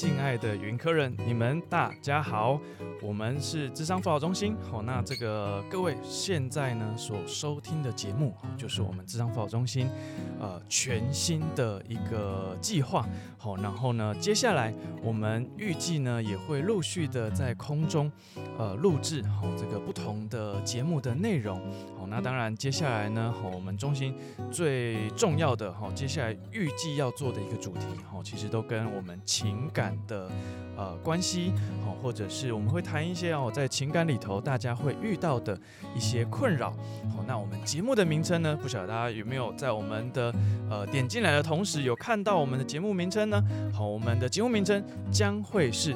敬愛的雲科人，你們大家好，我們是諮商輔導中心。好，那這個各位現在呢所收聽的節目，就是我們諮商輔導中心、呃、全新的一個計劃。好，然後呢，接下來我們預計呢也會陸續的在空中呃錄製好、哦、這個不同的節目的內容。好、哦，那當然接下來呢，好、哦、我們中心最重要的哈、哦，接下來預計要做的一個主題，好、哦，其實都跟我們情感。的呃關係好、哦，或者是我們會談一些哦，在情感裡頭大家會遇到的一些困擾。好，那我們節目的名稱呢？不曉得大家有沒有在我們的呃點進來的同時有看到我們的節目名稱呢？好，我們的節目名稱將會是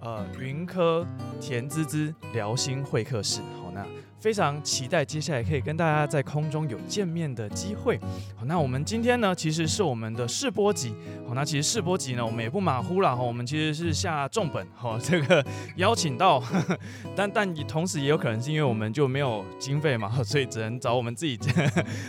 呃雲科甜諮諮聊心會客室。好，那。非常期待接下來可以跟大家在空中有見面的機會。好，那我們今天呢，其實是我們的試播集。好，那其實試播集呢，我們也不馬虎啦。哈，我們其實是下重本。哈，這個邀請到，但但也同時也有可能是因為我們就沒有經費嘛。哈，所以只能找我們自己。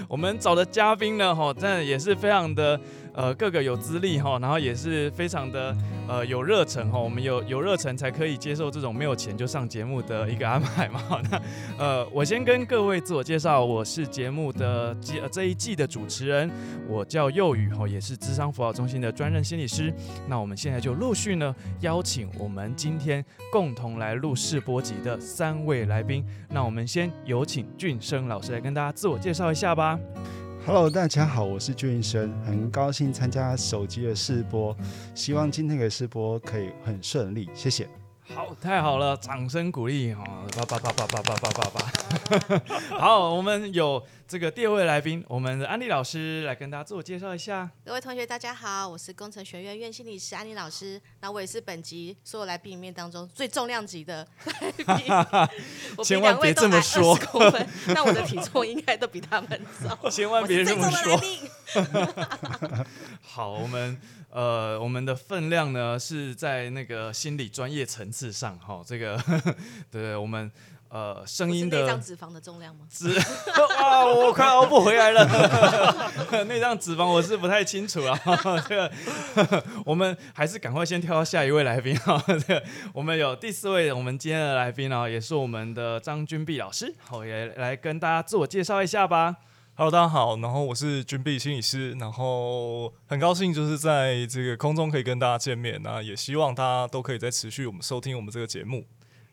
我們找的嘉賓呢，哈，真的也是非常的。呃，各個有資歷哈，然後也是非常的呃有熱忱哈。我們有有熱忱，才可以接受這種沒有錢就上節目的一個安排嘛。好，那呃，我先跟各位自我介紹，我是節目的季這一季的主持人，我叫佑宇哈，也是諮商輔導中心的專任心理師。那我們現在就陸續呢邀請我們今天共同來錄試播集的三位來賓。那我們先有請俊生老師來跟大家自我介紹一下吧。Hello，大家好，我是俊生，很高興參加手機的試播，希望今天的試播可以很順利，謝謝。好，太好了，掌聲鼓勵啊！叭叭叭叭叭叭叭叭，好，我們有。這個第二位來賓，我們的安妮老師來跟大家自我介紹一下。各位同學，大家好，我是工程學院院心理師安妮老師。那我也是本集所有來賓裡面當中最重量級的來賓。 千萬別，我比兩位都高十公分，千萬別這麼說，那我的體重應該都比他們重。千萬別這麼說。 好，我們呃，我們的分量呢是在那個心理專業層次上，哈、哦，這個，對對，我們。呃，聲音的內臟脂肪的重量嗎？脂啊，我快熬不回來了。內 臟 脂肪我是不太清楚了。這 個， 我們還是趕快先挑下一位來賓啊。這個，我們有第四位，我們今天的來賓啊，也是我們的張君碧老師。好，也來跟大家自我介紹一下吧。Hello，大家好。然後我是君碧心理師。然後很高興就是在這個空中可以跟大家見面。那也希望大家都可以再持續我們收聽我們這個節目。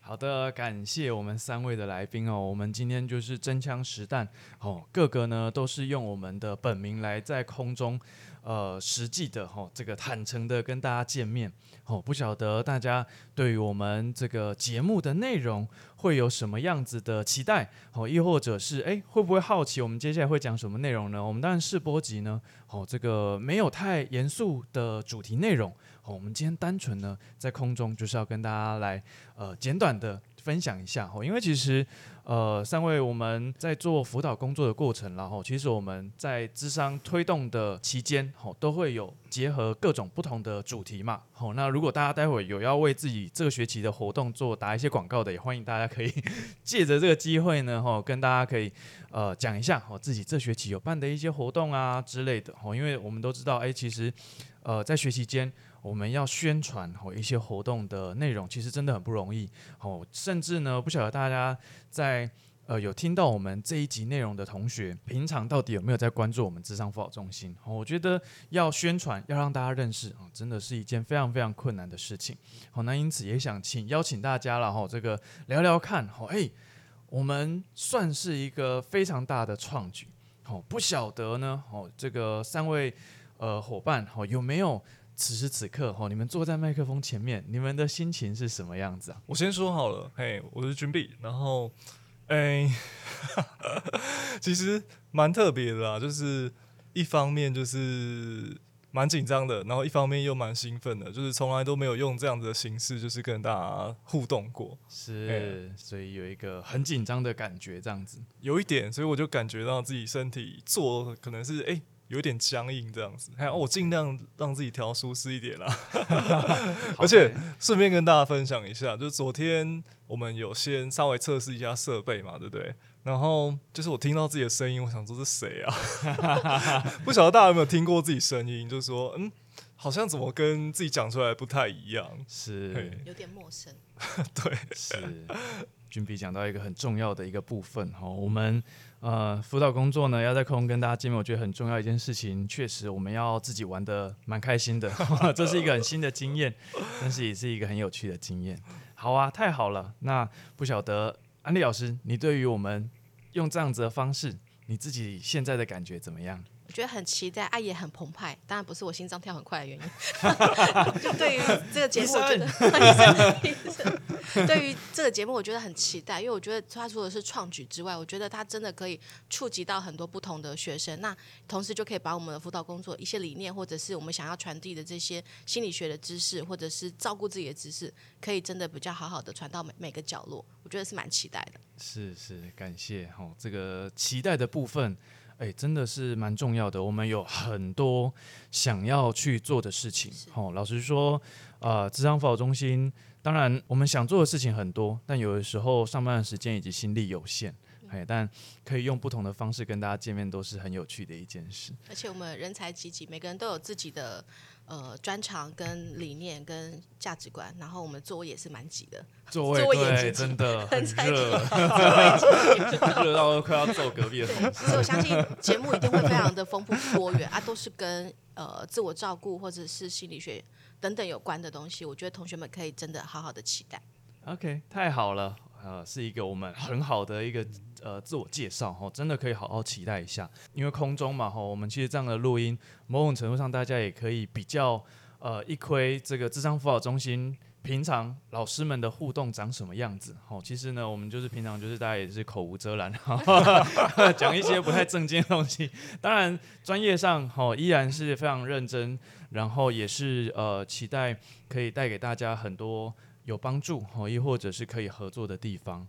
好的，感謝我們三位的來賓哦。我們今天就是真槍實彈哦，各個呢都是用我們的本名來在空中，呃，實際的哈、哦、這個坦誠的跟大家見面哦。不曉得大家對於我們這個節目的內容會有什麼樣子的期待，哦，亦或者是哎會不會好奇我們接下來會講什麼內容呢？我們當然試播集呢，哦，這個沒有太嚴肅的主題內容。我們今天單純呢，在空中就是要跟大家來呃簡短的分享一下，因為其實呃三位我們在做輔導工作的過程，然後其實我們在諮商推動的期間，吼都會有結合各種不同的主題嘛，吼那如果大家待會有要為自己這個學期的活動做打一些廣告的，也歡迎大家可以借 着這個機會呢，吼跟大家可以呃講一下，吼自己這學期有辦的一些活動啊之類的，吼因為我們都知道，誒、欸，其實呃在學期間。我們要宣傳好一些活動的內容，其實真的很不容易哦。甚至呢，不曉得大家在呃有聽到我們這一集內容的同學，平常到底有沒有在關注我們諮商輔導中心？我覺得要宣傳要讓大家認識真的是一件非常非常困難的事情。好，那因此也想請邀請大家了哈，這個聊聊看。好，誒，我們算是一個非常大的創舉。好，不曉得呢。好，這個三位呃夥伴好，有沒有？此時此刻，哈，你們坐在麥克風前面，你們的心情是什麼樣子啊？我先說好了，嘿，我是軍碧。然後，哎、欸，其實蠻特別的啦，就是一方面就是蠻緊張的，然後一方面又蠻興奮的，就是從來都沒有用這樣子的形式，就是跟大家互動過，是，欸、所以有一個很緊張的感覺，這樣子，有一點，所以我就感覺到自己身體做可能是，哎、欸。有點僵硬這樣子，還我盡量讓自己調舒適一點啦、啊。 而且順便跟大家分享一下，就是昨天我們有先稍微測試一下設備嘛，對不對？然後就是我聽到自己的聲音，我想說是誰啊？ 不曉得大家有沒有聽過自己聲音，就是說，嗯，好像怎麼跟自己講出來不太一樣，是有點陌生。 對，是俊比講到一個很重要的一個部分哦，我們。呃，輔導工作呢，要在空中跟大家見面，我覺得很重要一件事情，確實我們要自己玩的蠻開心的呵呵，這是一個很新的經驗，但是也是一個很有趣的經驗。好啊，太好了。那不曉得安利老師，你對於我們用這樣子的方式，你自己現在的感覺怎麼樣？我覺得很期待，愛也很澎湃。當然不是我心臟跳很快的原因， 就對於這個結束，我覺 對於這個節目，我覺得很期待，因為我覺得它除了是創舉之外，我覺得它真的可以觸及到很多不同的學生。那同時就可以把我們的輔導工作一些理念，或者是我們想要傳遞的這些心理學的知識，或者是照顧自己的知識，可以真的比較好好的傳到每每個角落。我覺得是蠻期待的。是是，感謝哦，這個期待的部分，哎，真的是蠻重要的。我們有很多想要去做的事情。哦，老實說。啊、呃，諮商輔導中心，當然我們想做的事情很多，但有的時候上班的時間以及心力有限，哎，但可以用不同的方式跟大家見面，都是很有趣的一件事。而且我們人才濟濟，每個人都有自己的呃專長跟理念跟價值觀，然後我們座位也是蠻擠的，座位對也很，真的很熱，熱 到快要坐隔壁。所以我相信節目一定會非常的豐富多元啊，都是跟呃自我照顧或者是心理學。等等有關的東西，我覺得同學們可以真的好好的期待。OK，太好了，呃，是一個我們很好的一個呃自我介紹，哦，真的可以好好期待一下。因為空中嘛，哦，我們其實這樣的錄音，某種程度上大家也可以比較呃一窺這個諮商輔導中心。平常老師們的互動長什麼樣子？其實呢，我們就是平常就是大家也是口無遮攔，講 一些不太正經的東西。當然，專業上哦依然是非常認真，然後也是呃期待可以帶給大家很多有幫助，亦或者是可以合作的地方。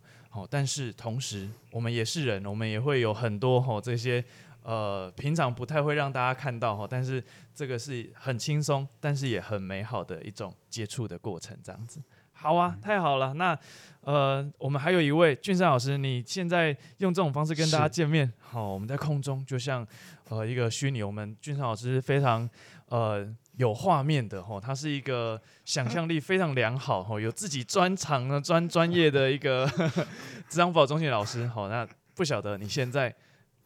但是同時，我們也是人，我們也會有很多哦這些。呃，平常不太會讓大家看到哈，但是這個是很輕鬆，但是也很美好的一種接觸的過程，這樣子。好啊，太好了。那呃，我們還有一位俊山老師，你現在用這種方式跟大家見面，好、哦，我們在空中就像呃一個虛擬。我們俊山老師非常呃有畫面的哈，他、哦、是一個想象力非常良好哈、哦，有自己專長的專專業的一個諮商輔導中心老師。好、哦，那不曉得你現在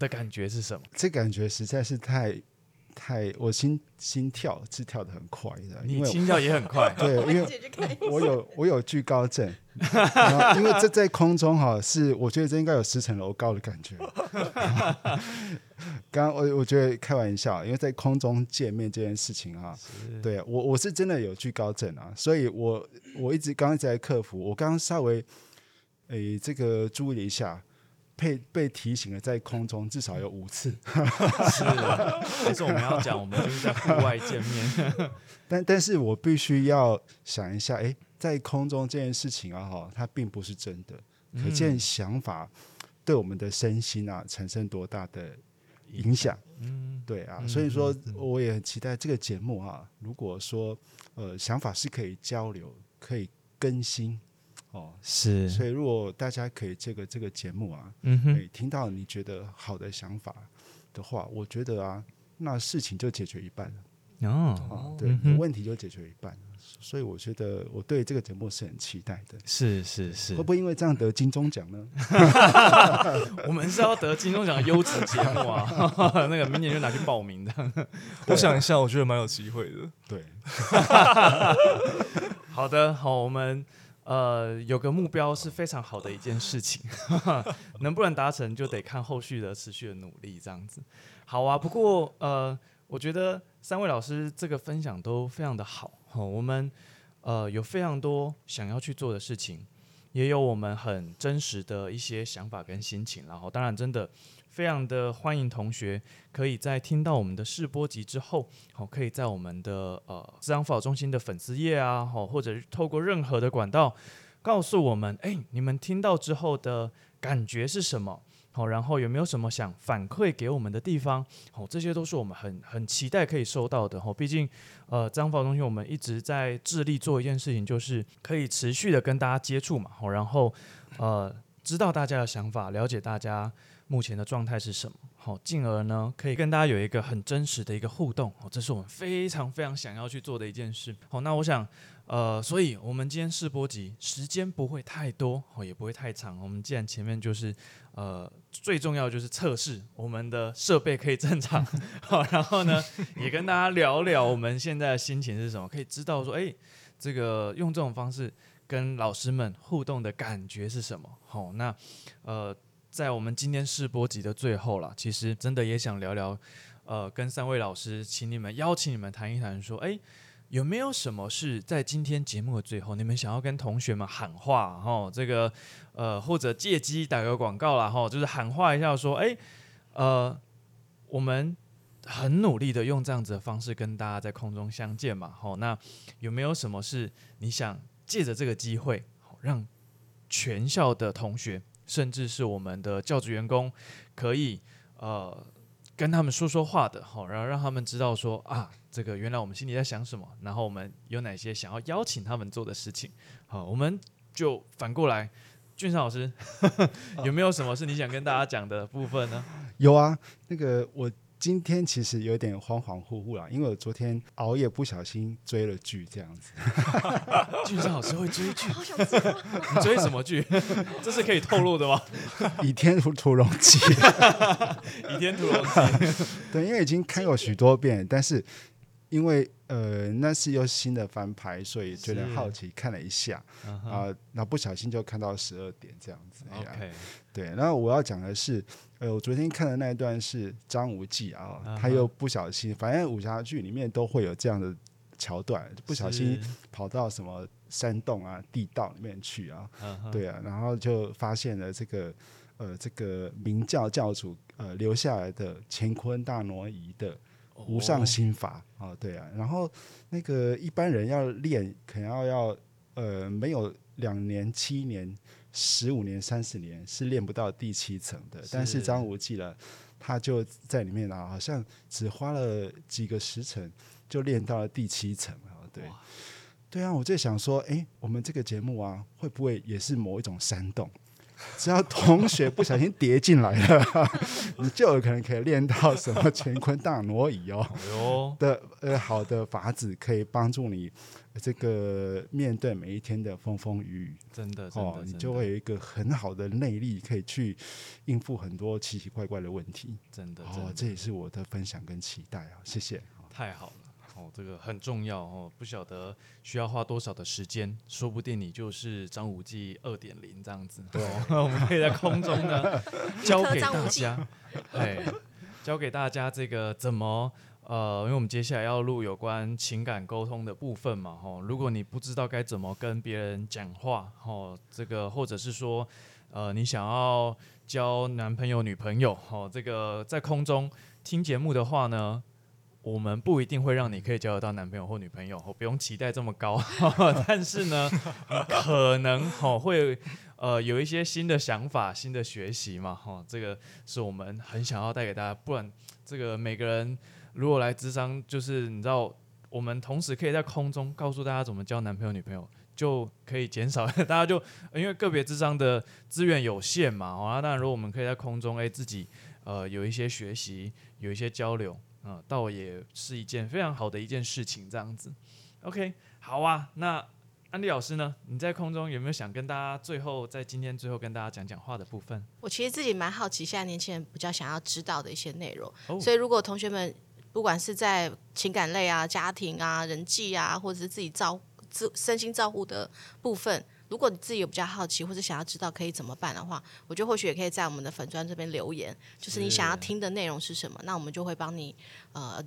的感覺是什麼？這感覺實在是太太，我心心跳是跳得很快的。你心跳也很快。 對，因為我有 我有懼高症， 因為這在空中哈、啊、是，我覺得這應該有十層樓高的感覺。 剛我我覺得開玩笑，因為在空中見面這件事情啊，對，我我是真的有懼高症啊，所以我我一直剛剛在克服，我剛剛稍微誒這個注意了一下。被被提醒了，在空中至少有五次， 是、啊，但是我們要講， 我們就是在戶外見面， 但但是我必須要想一下，誒、欸，在空中這件事情啊，哈，它並不是真的，可見想法對我們的身心啊產生多大的影響，嗯，對啊，所以說我也很期待這個節目啊，如果說呃想法是可以交流，可以更新。哦，是，所以如果大家可以這個這個節目啊，嗯哼、欸，聽到你覺得好的想法的話，我覺得啊，那事情就解決一半了。哦，哦對、嗯，問題就解決一半了，所以我覺得我對這個節目是很期待的。是是是，會不會因為這樣得金鐘獎呢？ 我們是要得金鐘獎的優質節目啊， 那個明年就拿去報名的。 啊、我想一下，我覺得蠻有機會的。對， 好的，好，我們。呃，有個目標是非常好的一件事情， 能不能達成就得看後續的持續的努力，這樣子。好啊，不過呃，我覺得三位老師這個分享都非常的好，呃，我們呃有非常多想要去做的事情。也有我們很真實的一些想法跟心情，然後當然真的非常的歡迎同學可以在聽到我們的試播集之後，好可以在我們的呃諮商輔導中心的粉絲頁啊，好或者透過任何的管道告訴我們，哎你們聽到之後的感覺是什麼？好，然後有沒有什麼想反饋給我們的地方？好，這些都是我們很很期待可以收到的哦。畢竟，呃，諮輔中心，我們一直在致力做一件事情，就是可以持續的跟大家接觸嘛。好，然後，呃，知道大家的想法，了解大家目前的狀態是什麼，好，進而呢可以跟大家有一個很真實的一個互動。哦，這是我們非常非常想要去做的一件事。好、哦，那我想。呃，所以，我們今天試播集時間不會太多，哦，也不會太長。我們既然前面就是，呃，最重要就是測試我們的設備可以正常，好， 然後呢，也跟大家聊聊我們現在的心情是什麼，可以知道說，哎，這個用這種方式跟老師們互動的感覺是什麼。好、哦，那，呃，在我們今天試播集的最後了，其實真的也想聊聊，呃，跟三位老師，請你們邀請你們談一談，說，哎。有沒有什麼事在今天節目的最後，你們想要跟同學們喊話？吼，這個，呃，或者借機打個廣告啦。吼，就是喊話一下說，哎、欸，呃，我們很努力的用這樣子的方式跟大家在空中相見嘛，吼，那有沒有什麼事你想借着這個機會，讓全校的同學，甚至是我們的教職員工，可以，呃？跟他們說說話的，好，然後讓他們知道說啊，這個原來我們心裡在想什麼，然後我們有哪些想要邀請他們做的事情，好，我們就反過來，俊生老師 有沒有什麼是你想跟大家講的部分呢？ 有啊，那個我。今天其實有點恍恍惚惚啦，因為我昨天熬夜不小心追了劇，這樣子。俊尚老師會追劇，你追什麼劇？這是可以透露的嗎？《倚天屠屠龍記》。《倚天屠龍記 》。屠 對，因為已經看過許多遍，但是因為。呃，那是又新的翻拍，所以覺得好奇看了一下，uh -huh. 啊，那不小心就看到十二點這樣子呀。Okay. 對，然後我要講的是，呃，我昨天看的那一段是張無忌啊，uh -huh. 他又不小心，反正武俠劇裡面都會有這樣的橋段，uh -huh. 不小心跑到什麼山洞啊、地道裡面去啊，uh -huh. 對啊，然後就發現了這個呃，這個明教教主呃留下來的乾坤大挪移的。無上心法啊、哦哦，對啊，然後那個一般人要練，可能要，要呃沒有兩年、七年、十五年、三十年是練不到第七層的。但是張無忌了，他就在裡面啊，好像只花了幾個時辰就練到了第七層啊，對對啊，我就想說，哎，我們這個節目啊，會不會也是某一種山洞？只要同學不小心跌進來了， 你就有可能可以練到什麼乾坤大挪移哦的呃好的法子，可以幫助你這個面對每一天的風風雨雨。真的，真的哦，你就會有一個很好的內力，可以去應付很多奇奇怪怪的問題。真的，真的哦，這也是我的分享跟期待啊！謝謝，嗯，太好了。哦，這個很重要哦，不曉得需要花多少的時間，說不定你就是張無忌二點零這樣子，對、哦，我們可以在空中呢教 給大家，對，教給大家這個怎麼，呃，因為我們接下來要錄有關情感溝通的部分嘛，哈、呃，如果你不知道該怎麼跟別人講話，哈、呃，這個或者是說，呃，你想要交男朋友、女朋友，哈、呃，這個在空中聽節目的話呢，我們不一定會讓你可以交得到男朋友或女朋友，不用期待這麼高。但是呢，可能哦會呃有一些新的想法、新的學習嘛，哈，這個是我們很想要帶給大家。不然這個每個人如果來諮商，就是你知道，我們同時可以在空中告訴大家怎麼交男朋友、女朋友，就可以減少大家就因為個別諮商的資源有限嘛，哦，那如果我們可以在空中、哎、自己呃有一些學習、有一些交流。啊、嗯，倒也是一件非常好的一件事情，這樣子。OK，好啊。那安迪老師呢？你在空中有沒有想跟大家最後在今天最後跟大家講講話的部分？我其實自己蠻好奇，現在年輕人比較想要知道的一些內容。Oh. 所以如果同學們不管是在情感類啊、家庭啊、人際啊，或者是自己照自身心照顧的部分。如果你自己有比較好奇，或者想要知道可以怎麼辦的話，我覺得或許也可以在我們的粉專這邊留言，就是你想要聽的內容是什麼是，那我們就會幫你呃，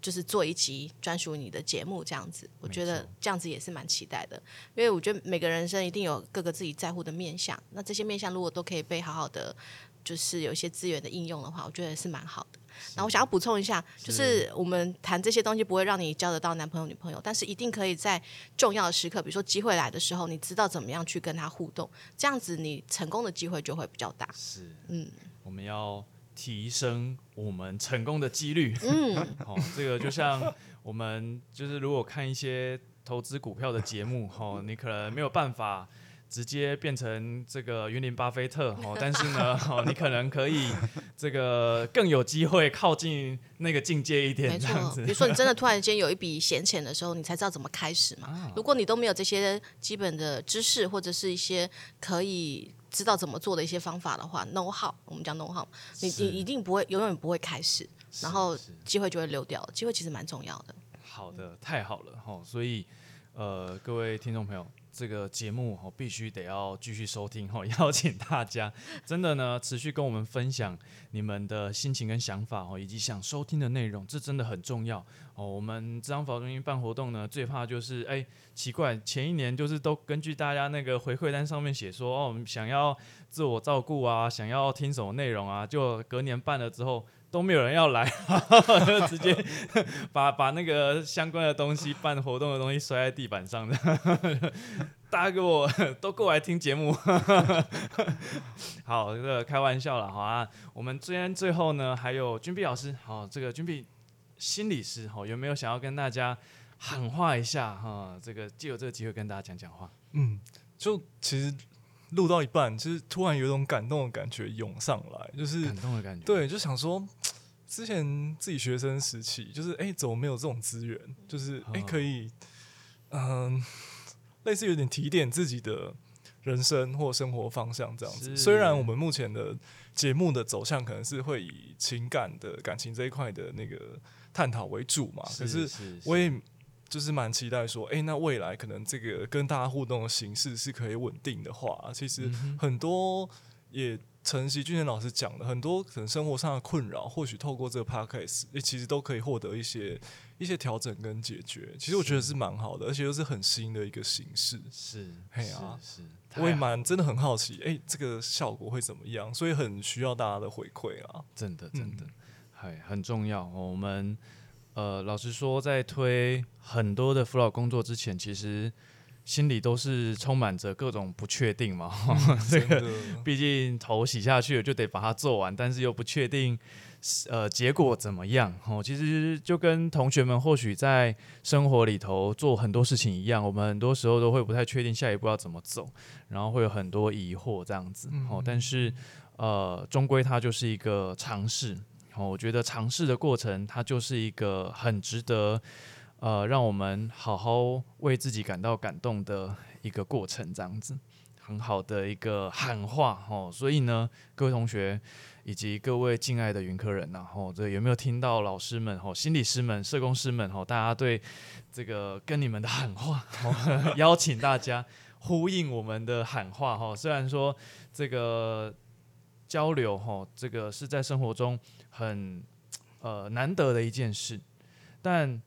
就是做一集專屬你的節目這樣子。我覺得這樣子也是蠻期待的，因為我覺得每個人生一定有各個自己在乎的面向，那這些面向如果都可以被好好的，就是有一些資源的應用的話，我覺得是蠻好的。那我想要補充一下，就是我們談這些東西不會讓你交得到男朋友女朋友，但是一定可以在重要的時刻，比如說機會來的時候，你知道怎麼樣去跟他互動，這樣子你成功的機會就會比較大。是，嗯，我們要提升我們成功的幾率。嗯，好， 哦，這個就像我們就是如果看一些投資股票的節目，哈，哦，你可能沒有辦法。直接變成這個雲林巴菲特，但是呢 你可能可以這個更有機會靠近那個境界一點。沒錯，比如說你真的突然間有一筆閒錢的時候，你才知道怎麼開始嘛。啊、如果你都沒有這些基本的知識，或者是一些可以知道怎麼做的一些方法的話，know-how 我們講 know-how 你你一定不會，永遠不會開始，然後機會就會溜掉。機會其實蠻重要的是是。好的，太好了哈，所以呃，各位聽眾朋友。這個節目哦，必須得要繼續收聽哦，邀請大家真的呢持續跟我們分享你們的心情跟想法哦，以及想收聽的內容，這真的很重要哦。我們諮商輔導中心辦活動呢，最怕就是哎，奇怪，前一年就是都根據大家那個回饋單上面寫說哦，想要自我照顧啊，想要聽什麼內容啊，就隔年辦了之後。都沒有人要來， 就直接把把那個相關的東西，辦活動的東西摔在地板上。的， 大家給我都過來聽節目。 好，這個開玩笑了，好啊。我們今天最後呢，還有君碧老師，好、哦，這個君碧心理師，好、哦，有沒有想要跟大家喊話一下？哈、哦，這個藉由這個機會跟大家講講話。嗯，就其實錄到一半，就是突然有一種感動的感覺湧上來，就是感動的感覺。對，就想說。之前自己學生時期，就是哎、欸，怎麼沒有這種資源？就是哎、欸，可以，嗯、呃，類似有點提點自己的人生或生活方向這樣子。雖然我們目前的節目的走向可能是會以情感的感情這一塊的那個探討為主嘛，是是是是，可是我也就是蠻期待說，哎、欸，那未來可能這個跟大家互動的形式是可以穩定的話，其實很多也。晨曦俊老師講的很多可能生活上的困擾，或許透過這個 podcast 也其實都可以獲得一些一些調整跟解決。其實我覺得是蠻好的，而且又是很新的一個形式。是，嘿啊，是，是，我也蠻真的很好奇，哎、欸，這個效果會怎麼樣？所以很需要大家的回饋啊！真的，真的，還、嗯、很重要。我們呃，老實說，在推很多的輔導工作之前，其實。心裡都是充滿着各種不確定嘛、嗯，這個畢竟頭洗下去就得把它做完，但是又不確定，呃，結果怎麼樣？齁，其實就跟同學們或許在生活裡頭做很多事情一樣，我們很多時候都會不太確定下一步要怎麼走，然後會有很多疑惑這樣子。齁，但是呃，終歸它就是一個嘗試。我覺得嘗試的過程它就是一個很值得。呃，讓我們好好為自己感到感動的一個過程，這樣子很好的一個喊話、哦、所以呢，各位同學以及各位敬愛的雲科人、啊，然、哦、這有沒有聽到老師們、哦、心理師們、社工師們、哦、大家對這個跟你們的喊話，哦、 邀請大家呼應我們的喊話哈、哦。雖然說這個交流哈、哦，這個是在生活中很呃難得的一件事，但。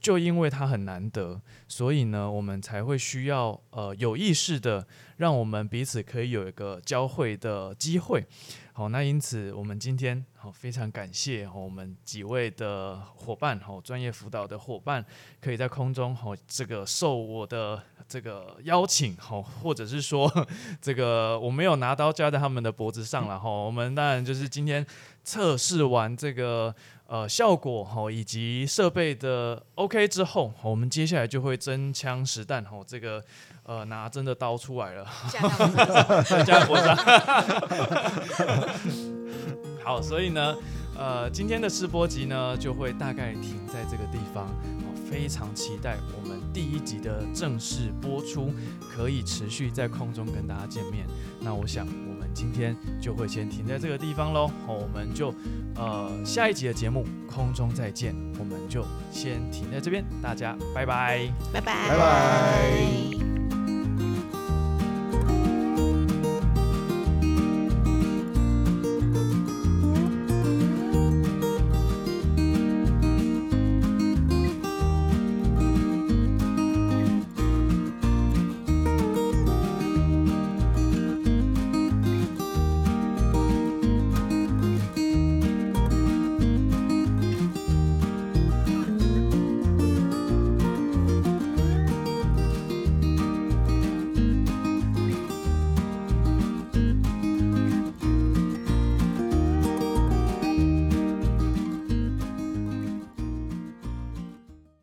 就因為它很難得，所以呢，我們才會需要呃有意識的，讓我們彼此可以有一個交匯的機會。好，那因此我們今天好非常感謝我們幾位的伙伴，好專業輔導的伙伴，可以在空中好這個受我的這個邀請，好或者是說這個我沒有拿刀架在他們的脖子上了哈、嗯。我們當然就是今天測試完這個。呃，效果以及設備的 OK 之後，我們接下來就會真槍實彈，這個呃拿真的刀出來了，加 加果子 好，所以呢，呃，今天的試播集呢就會大概停在這個地方，好，非常期待我們第一集的正式播出，可以持續在空中跟大家見面。那我想。今天就會先停在這個地方嘍，好，我們就呃下一集的節目空中再見，我們就先停在這邊，大家拜拜，拜拜，拜拜。拜拜。